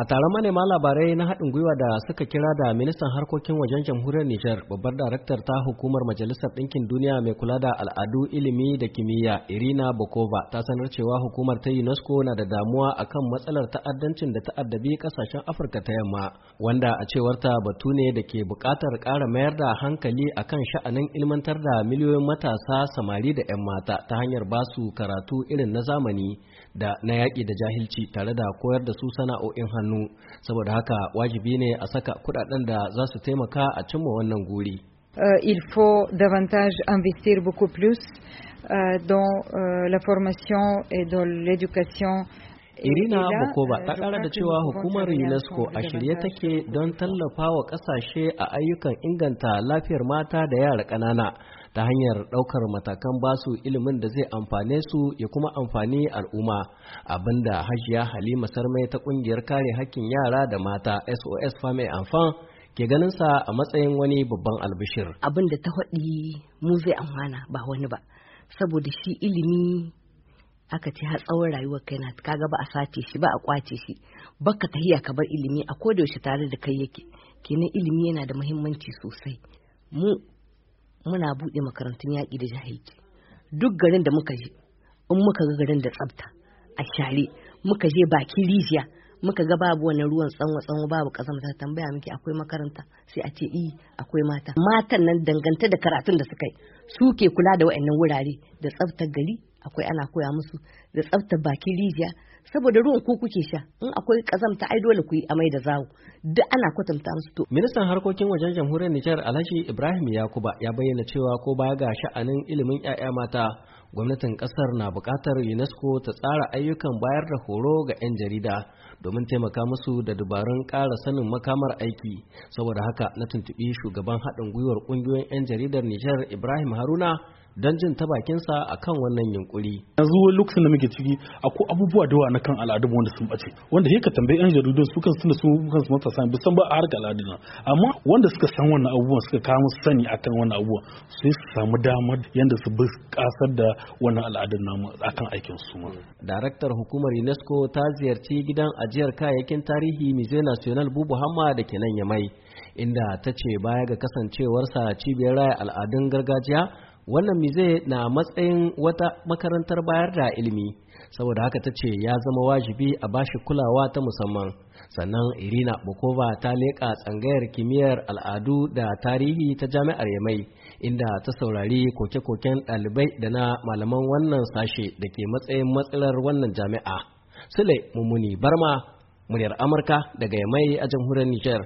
A taron manema labarai na haɗin gwiwa da suka kira da ministan harkokin wajen jamhuriyar Nijar babbar daraktar ta hukumar Majalisar Ɗinkin Duniya mai kula da al'adu ilimi da kimiyya Irina Bokova ta sanar cewa hukumar ta UNESCO na da damuwa akan matsalar ta'addancin da ta'addabi ƙasashen Afirka ta yamma wanda a cewarta batu ne da ke buƙatar ƙara mayar da hankali akan sha'anin ilmantar da miliyoyin matasa samari da 'yan mata ta hanyar basu karatu irin na zamani da na yaƙi da jahilci tare da koyar da su sana'o'in hannu. hannu saboda haka wajibi ne a saka kudaden da za su taimaka a cimma wannan guri euh, il faut davantage investir beaucoup plus euh, dans euh, la formation et dans l'éducation Irina Bokova ta kara da cewa hukumar UNESCO a shirye take don tallafa wa kasashe a ayyukan inganta lafiyar mata da yara ƙanana ta hanyar ɗaukar matakan basu ilimin da zai amfane su ya kuma amfani al'umma abinda hajiya halima sarmai ta ƙungiyar kare hakkin yara da mata sos fame amfan ke ganin sa a matsayin wani babban albishir abin da ta faɗi mu zai amfana ba wani ba saboda shi ilimi aka ce har tsawon rayuwar kai na kaga ba a sace shi ba a kwace shi baka tahiya ka bar ilimi a koda yaushe tare da kai yake kenan ilimi yana da muhimmanci sosai mu muna buɗe makarantun yaƙi da jahilci duk garin da muka je in muka ga garin da tsafta a share muka je baki rijiya muka ga babu wani ruwan tsanwa tsanwa babu kazamta tambaya miki akwai makaranta sai a ce i eh, akwai mata matan nan danganta da karatun da suka yi ke kula da waɗannan wurare da tsaftar gari akwai ana koya musu da tsafta bakin rijiya saboda ruwan ku kuke sha in akwai kazamta ai dole ku yi amai da zawo duk ana kwatanta musu to ministan harkokin wajen jamhuriyar Nijar Alhaji Ibrahim Yakuba ya bayyana cewa ko ba ga sha'anin ilimin 'ya'ya mata gwamnatin kasar na buƙatar UNESCO ta tsara ayyukan bayar da horo ga 'yan jarida domin taimaka musu da dabarun ƙara sanin makamar aiki saboda haka na tuntuɓi shugaban haɗin gwiwar ƙungiyoyin 'yan jaridar Nijar Ibrahim Haruna don jin ta bakinsa a kan wannan yunkuri. yanzu lokacin da muke ciki akwai abubuwa da yawa na kan al'adun wanda sun bace wanda ka tambayi yan jaridun su kan suna su kan su matasa ba san ba a harkar amma wanda suka san wannan abubuwan suka kawo musu sani akan wannan abubuwan sai su samu damar yanda su bi kasar da wannan al'adun namu kan aikin su ma. daraktar hukumar unesco ta ziyarci gidan ajiyar kayayyakin tarihi musée national bubu hamma da ke nan yamai inda ta ce baya ga kasancewarsa cibiyar raya al'adun gargajiya wannan mize na matsayin wata makarantar bayar da ilimi saboda haka ta ce ya zama wajibi a bashi kulawa ta musamman sannan irina bukova ta leƙa tsangayar kimiyyar al'adu da tarihi ta jami'ar yamai inda ta saurari koke-koken ɗalibai da na malaman wannan sashe da ke matsayin matsalar wannan jami'a sule mummuni barma muryar amurka daga yamai a jamhuriyar niger